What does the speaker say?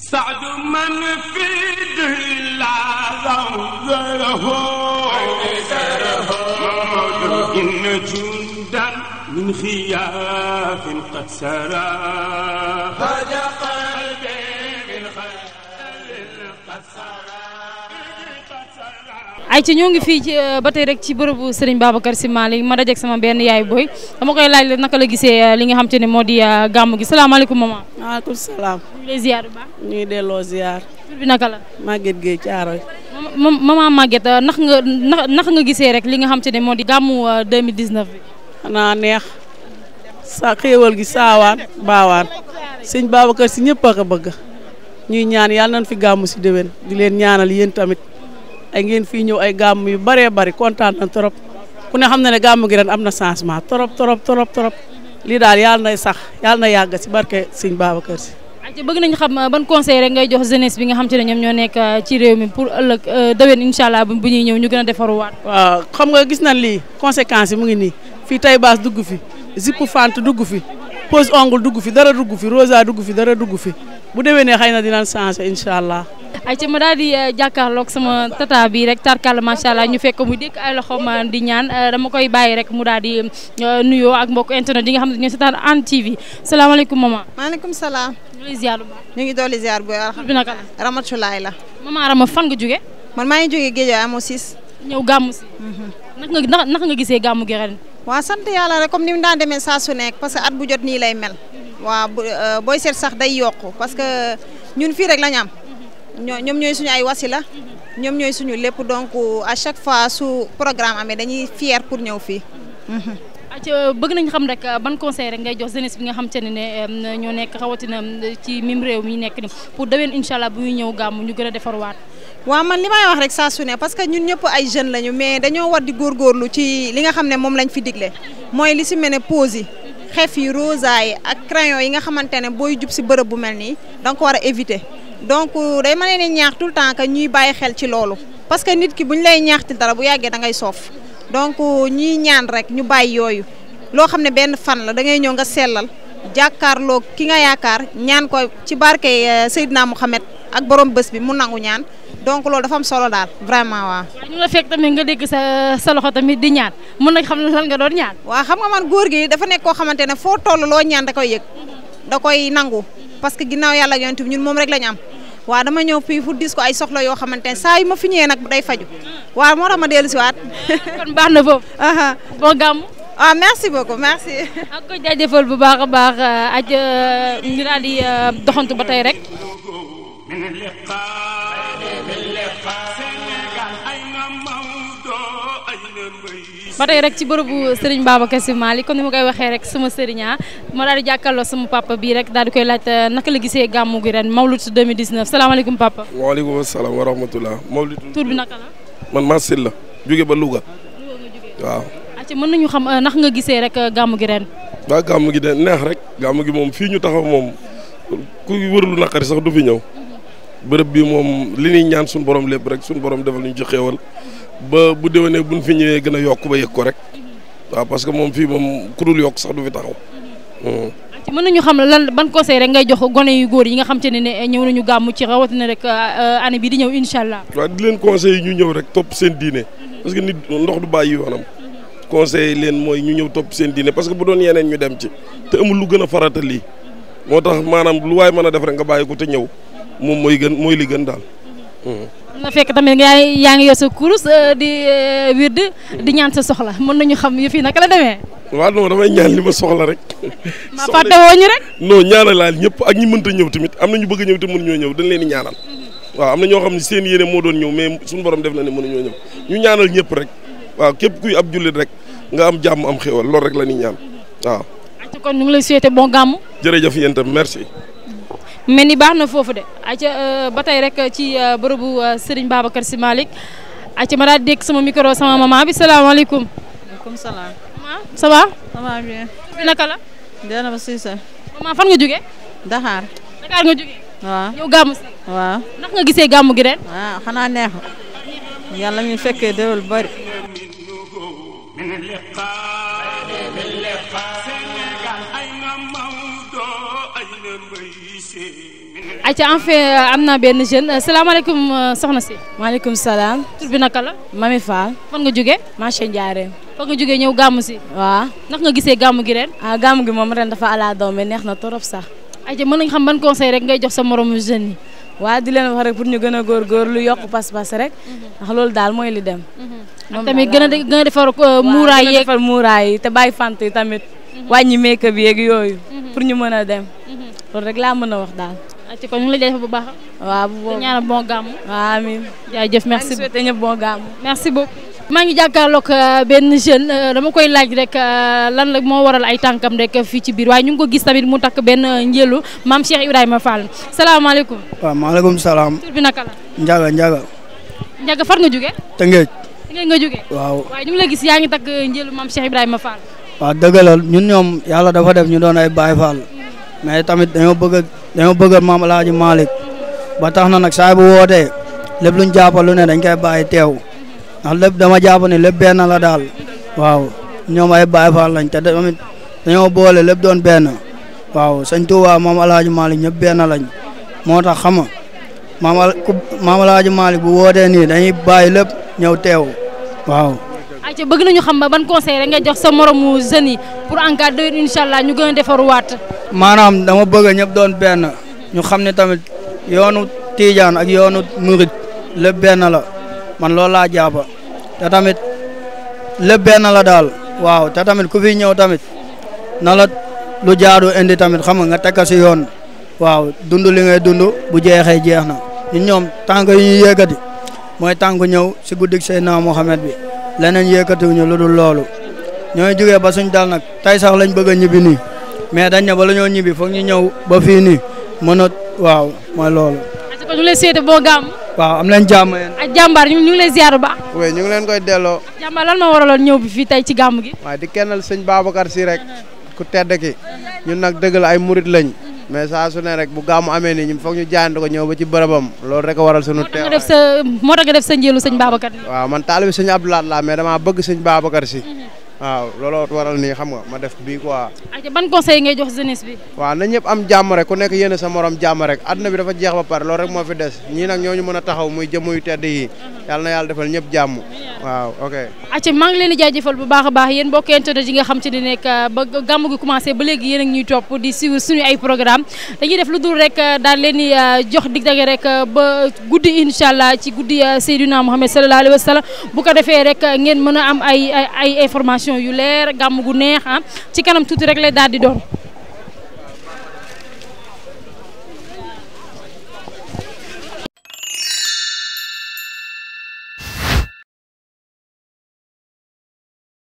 سعد من في دلا زمزره إن جندا من خياف قد سرى هذا قلبي من خيال قد سرى ay ci ñu ngi fi ci euh, batay rek ci bërebu Serigne Babacar Sy ma dajek sama benn yaay boy, dama koy laaj nak la gisee euh, li nga xam tane modi euh, gamu gi salaamaaleykum maman. waaleykum salaam. ñu ngi lay ziar bu baax. ñu ngi ziar. tur bi nak la. Maguette Gueye Thiaroy. maman Maguette nax nga nax nga gisee rek li nga xam tane modi gamu 2019 neex sa xewal gi saawaan baawaan sëñ Babacar Sy ñëpp a bëgg ñuy ñaan yalla nañ fi gamu ci déwén di leen ñaanal yeen tamit. ay ngeen fii ñëw ay gàmm yu bëree bëri kontaan trop ku ne xam na ne gàmm gi ren am na changement trop trop trop trop lii daal yàlla nay sax yàlla na yàgg si barke Sëñ Babacar Si. ci bëgg nañu xam uh, ban conseil rek ngay jox jeunesse bi nga xam te de ñoom ñoo nekk uh, ci réew mi pour ëllëg uh, déwén incha allah bu ñuy ñëw ñu gën a defaruwaat. waaw xam nga gis nañ lii conséquences yi mu ngi nii fii tay baas dugg fi zipu fant dugg fi pose ongle dugg fi dara dugg fi rosa dugg fi dara dugg fi bu déwénee xëy na dinañ changé incha allah. ay ci ma di eh, jàkkaarloog sama tata bi rek tarkal macha allah ñu fekk mu dik ay loxoom eh, di ñaan eh, dama koy bàyyi rek mu daldi di ak mbokk internet yi nga xam ne ñoo seetaan Hann TV salaamaaleykum maman. maaleykum salaam. ñu ngi ziar bu ñu ngi doli ziar bu baax. bi naka la Rama fan nga jóge. man ma ngi jóge Guédiawaye amoo siis. ñëw gamu si. Mhm. nga nak nga gisee gamu gi ren. wa sant yàlla rek comme ni mu daan demee su nek parce que at bu jot ni lay mel. Mhm. wa boy euh, set sax day yokku parce que ñun fi rek lañ am ñoo ñoom ñooy suñu ay la ñoom ñooy suñu lépp donc à chaque fois su programme amee dañuy fier pour ñëw fii. acca bëgg nañ xam rek ban conseil rek ngay jox jeunesse bi nga xam te ne ne ñoo nekk rawatina ci mim réew mi nekk ni pour déwén incha allah bu ñuy ñëw gàmm ñu gën a defarwaat. waaw man li may wax rek saa su parce que ñun ñëpp ay jeunes lañu mais dañoo war di góorgóorlu ci li nga xam ne moom lañ fi digle mooy li si mel ne pause yi xef yi rosa yi ak crayon yi nga xamante ne booy jub si bërëb bu mel nii da nga war a éviter. donc day ma leen ñaax tout le temps que ñuy bàyyi xel ci loolu parce que nit ki bu ñu lay ñaaxtil dara bu yàggee da ngay donc ñuy ñaan rek ñu bàyyi yoyu lo xam ne fan la da ngay ñëw nga sellal Jakarlo, ki nga yakar ñaan ko ci barke euh, Seydina Mouhamed ak borom bés bi mu nangu ñaan donc loolu dafa am solo daal vraiment waaw. ñu la fekk tamit nga dégg sa sa loxo tamit di ñaan na xam lan nga doon ñaan. waaw xam nga man góor gi dafa nekk koo xamante ne foo lo ñaan da koy da koy nangu parce que ginnaaw yàlla ak yonent ñun moom rek lañ am. waaw dama ñëw pii fu dis ay soxla yoo xamante ne saa yu ma fi ñëwee nag day faju waaw moo tax ma dellu si waat. kon baax na foofu. bon gàmm. ah merci beaucoup merci. ak ko jaajëfal bu baax a baax euh, aj euh, ñu daal di euh, doxantu ba tey rek. ba tey rek ci bërëbu Serigne Babacar Sy Malick comme ni ma koy waxee rek sama Serigne ah, ma daal di jàkkaarloo sama papa bii rek daal di koy laaj euh, naka la gisee gàmmu gi ren Mawlud 2019 salaamaaleykum papa. waaleykum salaam wa rahmatulah Mawlud. tur bi naka la. man Massil la jóge ba Louga. Louga nga jóge waaw. ci mën nañu xam euh, nax nga gisee rek euh, gàmmu gi ren. waaw gàmmu gi de neex rek gàmmu gi moom fii ñu taxaw moom ku wër lu naqari sax du fi ñëw. bërëb bii moom li ñuy ñaan suñu borom lépp rek suñu borom defal ñu ci xéewal ba bu bu buñ fi ñëwee gën a yokk ba yëg ko rek waaw parce que moom fii moom ku dul yokk sax du fi taxaw. ci mën nañu xam lan ban conseil rek ngay jox gone yi góor yi nga xam te ne ne ñëw nañu gàmm ci na rek euh, année bi di ñëw incha allah. waaw di leen conseil ñu ñëw rek topp seen diine parce que nit ndox du bàyyi yoonam conseil leen mooy ñu ñëw topp seen diine parce que bu doon yeneen ñu dem ci te lu gën a farata moo tax maanaam lu waay def rek nga bàyyi ko te ñëw. mom moy gën moy li gën daal. Mm-hmm. na fekk tamit nga yaangi yo yor kurus euh, di euh, wird mm-hmm. di ñaan sa soxla mën nañu xam yu fi nak la démé wa non damay ñaan li ma soxla rek. ma faté wo ñu rek. non la ñëpp ak ñi mënta ñëw tamit amna ñu bëgg a ñëw te ñu ñëw dañ leen di ñaanal. Mm-hmm. wa amna ño xamni seen yene mo doon ñëw mais suñu borom def na ne ñu ñëw ñu ñaanal ñëpp rek wa képp kuy ab jullit rek nga am jamm am xéewal lool rek la ñaan wa kon ñu ngi lay souhaiter bon gam jërëjëf yéen merci. mel ni baax na foofu de ayca euh, ba tey rek ci euh, bërëbu euh, Serigne Babacar Sy Malick ayca ma daal dégg sama micro sama maman bi salaamaaleykum. waaleykum salaam. maman ça va. ça naka la. Dieynaba Cissé. maman fan nga jógee. Dakar. nga jógee. waaw yow nga gisee gàmmu gi ren. waaw ah, xanaa neex yàlla fekk fekkee déwél bari. ayca en fait euh, am na benn jeune euh, salaamaaleykum euh, soxna si. maaleykum salaam. tur bi naka la. Mami Fall. fan nga jóge marché Ndiarène. fan nga jógee ñëw gàmm si. waaw ndax nga gisee gàmm gi ren. ah gàmm gi moom ren dafa ala doom neex na torop sax. ayca mën nañ xam ban conseil rek ngay jox sa moromu jeunes yi. waa leen wax rek pour ñu gën a góorgóorlu yokk pas-pas rek. Mhm. ndax loolu daal mooy li dem. Mhm. moom tamit gën a gën a defar muuraay yeeg defar muuraay yi te bàyyi fant yi tamit. Mhm. wàññi make-up yeeg yooyu. pour ñu mën a dem. loolu rek laa mën a wax daal ci ko ñu ngi lay bu baax. waaw bu boobu ñaanal bon gàmmu. waaw amiin jaajëf merci beaucoup souhaité ñëpp bon gàmmu. merci beaucoup. maa ngi jàkkaarloog euh, benn jeune euh, dama koy laaj rek euh, lan la moo waral ay tànkam rek fii ci biir waaye ñu ngi ko gis tamit mu takk benn njëlu maam Cheikh Ibrahima Fall salaamaaleykum. waaw maaleykum salam tur bi naka la. Ndiaga Ndiaga. Ndiaga far nga jógee. Tëngéej. Tëngéej nga jógee. waaw waaye ñu ngi la gis yaa ngi takk njëlu maam Cheikh Ibrahima Fall. waaw dëgg ñun ñoom yàlla dafa def ñu doon ay Baye Fall mm. mais tamit dañoo bëgg dañoo bëgg maam El Hadj Malick ba tax na nag saay bu wootee lépp luñ jàppal lu ne dañ koy bàyyi teew ndax lépp dama jàpp ne lépp benn la daal waaw ñoom ay Baay Faal lañ te tamit dañoo boole lépp doon benn waaw sëñ Tuubaa maam El Hadj Malick ñëpp benn lañ moo tax xam nga maama maama Alaaji Malick bu wootee nii dañuy bàyyi lépp ñëw teew waaw. ayca bëgg nañu xam ban conseil rek jox sa moromu jeunes yi pour en cas de ñu gën a defaruwaat. maanaam dama bëgg ñëpp doon benn ñu xam ne tamit yoonu tiijaan ak yoonu murit lépp benn la man loolu laa jàppa te tamit lépp benn la daal waaw te tamit ku fi ñëw tamit nala la lu indi tamit xam nga nga tekka si yoon waaw dund li ngay dund bu jeexee jeex na ñun ñoom tànk yu ñu yëkkati mooy tànk ñëw si guddik Seydina Mohamed bi leneen yëkkatiwuñu lu dul loolu ñooy jógee ba suñ dal nag sax lañ bëgg a ñibbi nii mais dañ ne bala ñoo ñibbi foog ñu ñëw ba fii nii mën a waaw mooy loolu. parce que lu waaw am leen jàmm yéen. ak jàmbaar ñu ngi lay ba. oui ñu ngi leen koy delloo. jàmbaar lan moo waraloon ñëw bi fii tey ci gàmm gi. waaw di kennal sëñ Babacar si rek ku tedd ki ñun nag dëgg la ay murit lañ. mais saa su ne rek bu gàmmu amee nii ñun foog ñu jaayante ko ñëw ba ci bërëbam loolu rek a waral sunu teew moo tax nga def sa moo tax nga def waaw man taalibi sëñ Abdoulaye laa mais damaa bëgg sëñ Babacar si waaw looloo waral nii xam nga ma def bii quoi. ayca ban conseil ngay jox jeunesse bi. waaw na ñëpp am jàmm rek ku nekk yéene sa morom jàmm rek àdduna bi dafa jeex ba pare loolu rek moo fi des ñii nag ñoo ñu mën a taxaw muy jëmm yu tedd yi uh-huh. yàlla na yàlla defal ñëpp jàmm. waaw ok. ayca maa ngi leen di jaajëfal bu baax a baax yéen mbokki internet yi xam ne nekk euh, ba gàmm gi commencé ba léegi yéen a ngi ñuy topp di suivre suñu ay programme dañuy def lu dul rek euh, daal leen di euh, jox dig dage rek ba guddi incha allah ci guddi Seydina Mohamed sallallahu alayhi wa sallam bu ko defee rek ngeen mën a am ay ay yu leer gàmm gu neex ah. ci kanam tuuti rek lay daal di doon.